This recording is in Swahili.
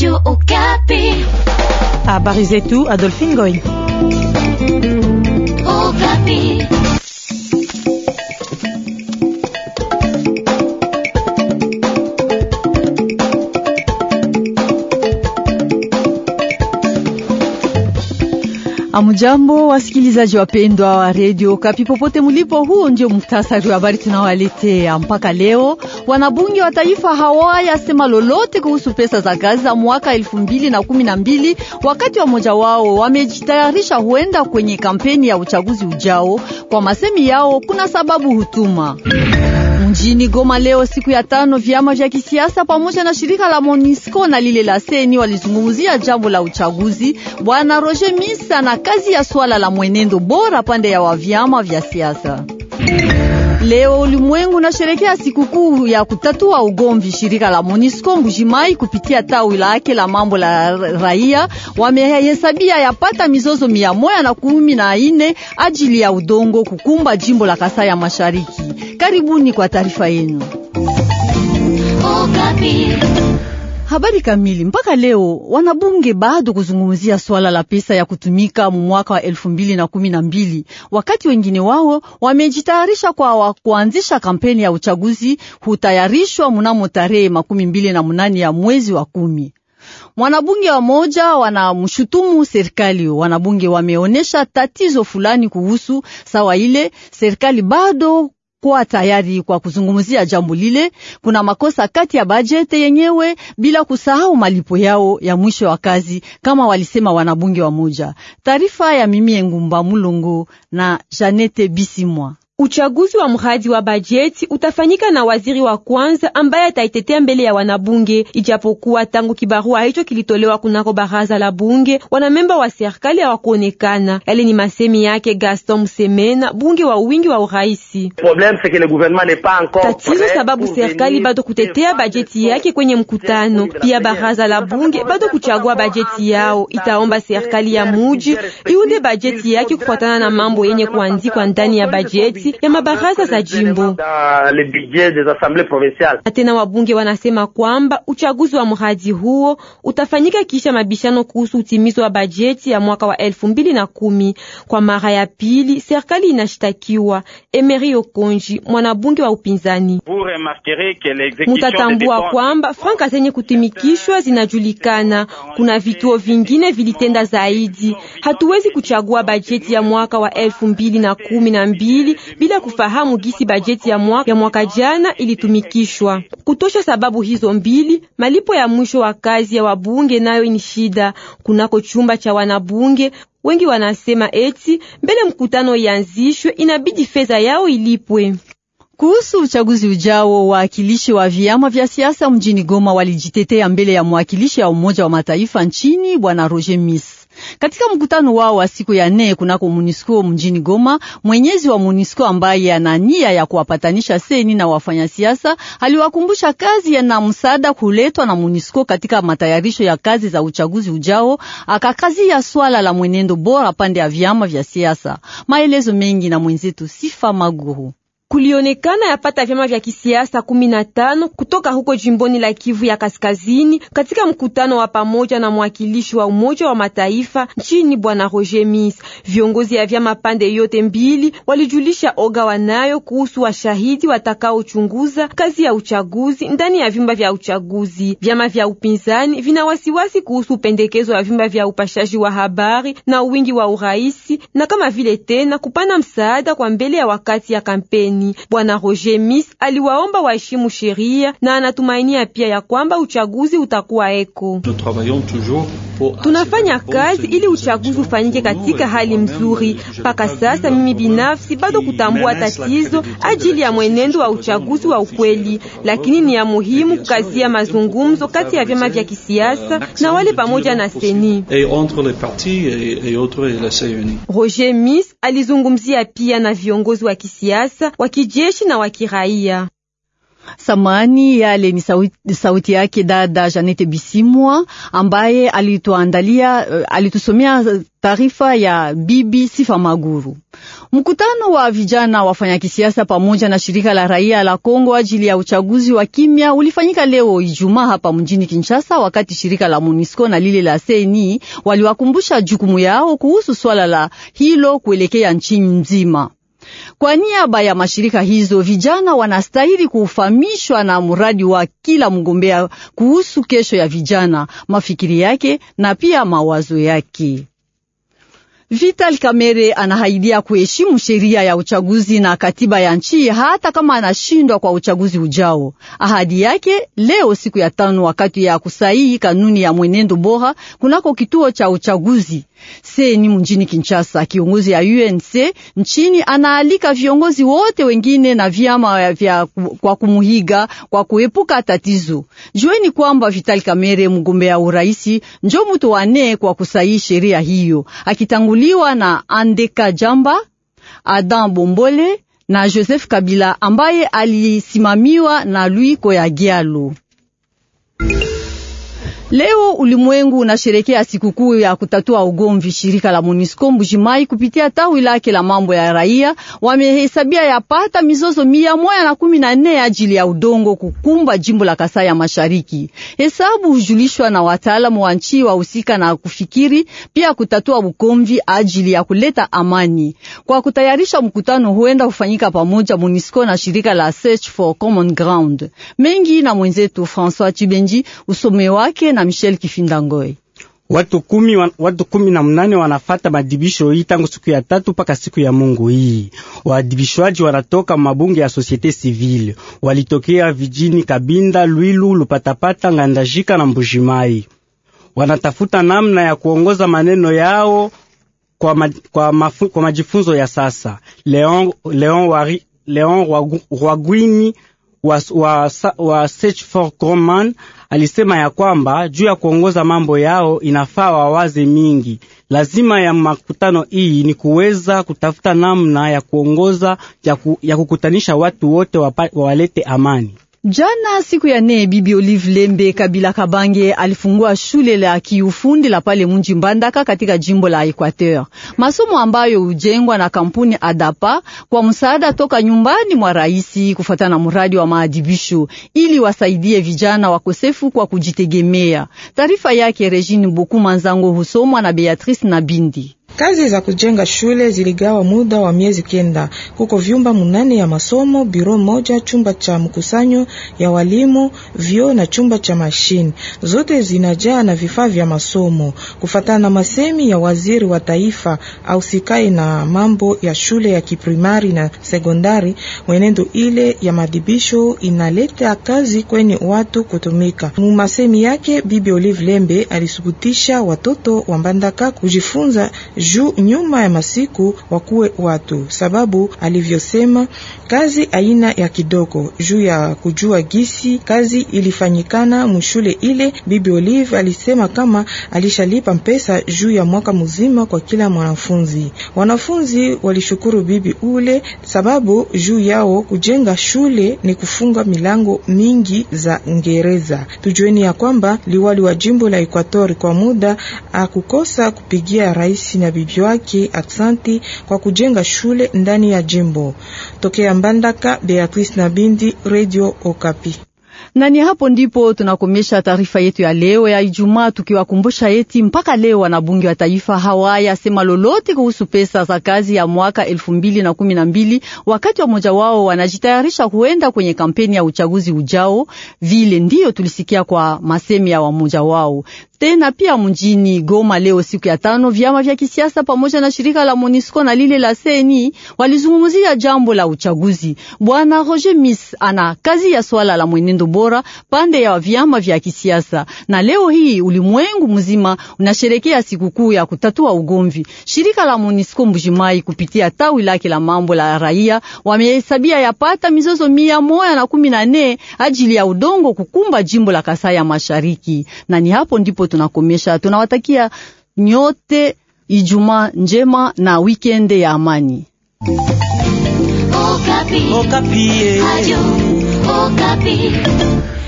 Radio Okapi. Habari zetu Adolphine Goy. Okapi. Amujambo, wasikilizaji wapendwa wa redio Kapi popote mulipo, huo ndio muktasari wa habari tunawaletea mpaka leo. Wanabunge wa taifa hawayasema lolote kuhusu pesa za gazi za mwaka elfu mbili na kumi na mbili wakati wa moja wao wamejitayarisha huenda kwenye kampeni ya uchaguzi ujao. Kwa masemi yao, kuna sababu hutuma Mjini Goma leo siku ya tano, vyama vya kisiasa pamoja na shirika la Monisco na lile la Seni walizungumzia jambo la uchaguzi. Bwana Roger Misa na kazi ya swala la mwenendo bora pande ya wa vyama vya siasa Leo ulimwengu unasherekea sikukuu ya kutatua ugomvi. Shirika la Monisco Mbujimai kupitia tawi lake la mambo la raia wamehesabia yapata mizozo mia moja na kumi na ine ajili ya udongo kukumba jimbo la Kasai ya Mashariki. Karibuni kwa taarifa yenu. Oh, Habari kamili. Mpaka leo wanabunge bado kuzungumzia swala la pesa ya kutumika mu mwaka wa elfu mbili na kumi na mbili, wakati wengine wao wamejitayarisha kwa kuanzisha kampeni ya uchaguzi hutayarishwa mnamo tarehe makumi mbili na munane ya mwezi wa kumi. Mwanabunge wa moja wanamshutumu serikali. Wanabunge wameonyesha tatizo fulani kuhusu sawa ile serikali bado kuwa tayari kwa kuzungumzia jambo lile. Kuna makosa kati ya bajeti yenyewe, bila kusahau malipo yao ya mwisho wa kazi, kama walisema wanabunge wa moja. Taarifa ya Mimi ngumba Mulungu na Janete Bisimwa. Uchaguzi wa mradi wa bajeti utafanyika na waziri wa kwanza ambaye ataitetea mbele ya wanabunge, ijapokuwa tangu kibarua hicho kilitolewa kunako baraza la bunge, wanamemba wa serikali hawakuonekana. Yale ni masemi yake Gaston Msemena, bunge wa wingi wa uraisi. Tatizo sababu serikali bado kutetea bajeti yake kwenye mkutano, pia baraza la bunge bado kuchagua bajeti yao. Itaomba serikali ya muji iunde bajeti yake kufuatana na mambo yenye kuandikwa ndani ya bajeti kazi ya mabaraza za jimbo. tena wabunge wanasema kwamba uchaguzi wa mradi huo utafanyika kisha mabishano kuhusu utimizo wa bajeti ya mwaka wa elfu mbili na kumi. Kwa mara ya pili serikali inashitakiwa. Emery Okonji, mwanabunge wa upinzani: mutatambua kwamba franka zenye kutumikishwa zinajulikana. Kuna vituo vingine vilitenda zaidi. Hatuwezi kuchagua bajeti ya mwaka wa elfu mbili na kumi na mbili bila kufahamu gisi bajeti ya mwaka, ya mwaka jana ilitumikishwa kutosha. Sababu hizo mbili, malipo ya mwisho wa kazi ya wabunge nayo ni shida kunako chumba cha wanabunge. Wengi wanasema eti mbele mkutano ianzishwe inabidi fedha yao ilipwe. Kuhusu uchaguzi ujao, waakilishi wa vyama vya siasa mjini Goma walijitetea mbele ya mwakilishi ya Umoja wa Mataifa nchini Bwana Roger Miss. Katika mkutano wao wa siku ya nne kunako MONUSCO mjini Goma, mwenyezi wa MONUSCO ambaye ana nia ya kuwapatanisha seni na wafanya siasa aliwakumbusha kazi na msaada kuletwa na MONUSCO katika matayarisho ya kazi za uchaguzi ujao, akakazia swala la mwenendo bora pande ya vyama vya siasa. Maelezo mengi na mwenzetu Sifa Maguru kulionekana yapata vyama vya kisiasa kumi na tano kutoka huko jimboni la Kivu ya Kaskazini katika mkutano wa pamoja na mwakilishi wa Umoja wa Mataifa nchini Bwana Roger Mis. Viongozi ya vyama pande yote mbili walijulisha oga wanayo kuhusu washahidi watakaochunguza kazi ya uchaguzi ndani ya vyumba vya uchaguzi. Vyama vya upinzani vina wasiwasi kuhusu pendekezo ya vyumba vya upashaji wa habari na wingi wa uraisi na kama vile tena kupana msaada kwa mbele ya wakati ya kampeni. Beni. Bwana Roger Miss aliwaomba waheshimu sheria na anatumainia pia ya kwamba uchaguzi utakuwa eko. Tunafanya kazi ili uchaguzi ufanyike katika hali mzuri. Mpaka sasa mimi binafsi bado kutambua tatizo ajili ya mwenendo wa uchaguzi wa ukweli, lakini ni ya muhimu kukazia mazungumzo kati ya vyama vya kisiasa na wale pamoja na seni. Roger Miss alizungumzia pia na viongozi wa kisiasa, wa kijeshi na wa kiraia. Samani yale ni sauti, sauti yake dada Janete Bisimwa ambaye alituandalia, eh, alitusomea taarifa ya bibi Sifa Maguru. Mkutano wa vijana wafanya kisiasa pamoja na shirika la raia la Kongo ajili ya uchaguzi wa kimya ulifanyika leo Ijumaa hapa mjini Kinshasa, wakati shirika la Munisco na lile la Seni waliwakumbusha jukumu yao kuhusu swala la hilo kuelekea nchi nzima. Kwa niaba ya mashirika hizo, vijana wanastahili kufahamishwa na mradi wa kila mgombea kuhusu kesho ya vijana, mafikiri yake na pia mawazo yake. Vital Kamerhe anahaidia kuheshimu sheria ya uchaguzi na katiba ya nchi hata kama anashindwa kwa uchaguzi ujao. Ahadi yake leo siku ya tano wakati ya kusahihi kanuni ya mwenendo bora kunako kituo cha uchaguzi Seni mjini Kinshasa, kiongozi ya UNC nchini anaalika viongozi wote wengine na vyama vya kwa kumuhiga kwa kuepuka tatizo. Jueni kwamba Vital Kamerhe mgombea uraisi njo mutu wane kwa kusaini sheria hiyo, akitanguliwa na Andeka Jamba, Adam Bombole na Joseph Kabila ambaye alisimamiwa na Louis Koyagialo. Leo ulimwengu unasherekea sikukuu ya kutatua ugomvi. Shirika la MONUSCO Mbujimai kupitia tawi lake la mambo ya raia wamehesabia yapata mizozo mia moja na kumi na nne ajili ya udongo kukumba jimbo la Kasai ya Mashariki. Hesabu hujulishwa na wataalamu wa nchi wahusika na kufikiri pia kutatua ugomvi ajili ya kuleta amani. Kwa kutayarisha mkutano huenda kufanyika pamoja MONUSCO na shirika la Search for Common Ground. Mengi na mwenzetu François Chibenji usome wake na na Michel Kifinda Watu kumi, watu kumi na mnane wanafata madibisho hii tangu siku ya tatu mpaka siku ya Mungu hii. Wadibishwaji wanatoka mabunge ya societe civile, walitokea vijini Kabinda, Lwilu, Lupatapata, Ngandajika na Mbujimai. Wanatafuta namna ya kuongoza maneno yao kwa, ma, kwa, mafu, kwa majifunzo ya sasa. Leon, Leon, Leon Rwagwini wa, wa, wa Search for Common alisema ya kwamba juu ya kuongoza mambo yao inafaa wawaze mingi. Lazima ya makutano hii ni kuweza kutafuta namna ya kuongoza ya, ku, ya kukutanisha watu wote wapa, wawalete amani. Jana siku ya nne, Bibi Olive Lembe Kabila Kabange alifungua shule la kiufundi la pale mji Mbandaka katika jimbo la Equateur, masomo ambayo hujengwa na kampuni Adapa kwa msaada toka nyumbani mwa rais, kufuatana na mradi wa maadibisho ili wasaidie vijana wakosefu kwa kujitegemea. Taarifa yake Regine Bukuma Nzango husomwa na Beatrice Nabindi. Kazi za kujenga shule ziligawa muda wa miezi kenda, huko vyumba munane ya masomo, biro moja, chumba cha mkusanyo ya walimu, vyo na chumba cha mashine, zote zinajaa na vifaa vya masomo. Kufatana na masemi ya waziri wa taifa au sikai na mambo ya shule ya kiprimari na sekondari, mwenendo ile ya madibisho inaleta kazi kwenye watu kutumika. Mu masemi yake, Bibi Olive Lembe alisubutisha watoto wa Mbandaka kujifunza juu nyuma ya masiku wakuwe watu, sababu alivyosema kazi aina ya kidogo juu ya kujua gisi kazi ilifanyikana mushule ile. Bibi Olive alisema kama alishalipa mpesa juu ya mwaka mzima kwa kila mwanafunzi. Wanafunzi walishukuru bibi ule, sababu juu yao kujenga shule ni kufunga milango mingi za Ngereza. Tujueni ya kwamba liwali wa jimbo la Ekwatori kwa muda akukosa kupigia rais na bibi wake Aksanti kwa kujenga shule ndani ya jimbo. Tokea Mbandaka, Beatrice Nabindi, Radio Okapi. Na ni hapo ndipo tunakomesha taarifa yetu ya leo ya Ijumaa, tukiwakumbusha eti mpaka leo wanabunge wa taifa hawaya sema lolote kuhusu pesa za kazi ya mwaka elfu mbili na kumi na mbili, wakati wamoja wao wanajitayarisha kuenda kwenye kampeni ya uchaguzi ujao. Vile ndiyo tulisikia kwa masemi ya wamoja wao, tena pia mjini Goma leo siku ya tano, vyama vya kisiasa pamoja na shirika la Monisco na lile la CENI walizungumzia jambo la uchaguzi. Bwana Roger Miss ana kazi ya swala la mwenendo bora pande ya vyama vya kisiasa, na leo hii ulimwengu mzima unasherekea sikukuu ya kutatua ugomvi. Shirika la Monisco Mbujimai kupitia tawi lake la mambo la raia wamehesabia yapata mizozo mia moja na kumi na nne ajili ya udongo kukumba jimbo la Kasai ya Mashariki, na ni hapo ndipo tunakomesha. Tunawatakia nyote Ijumaa njema na wikende ya amani. Okapi. Okapi. Okapi.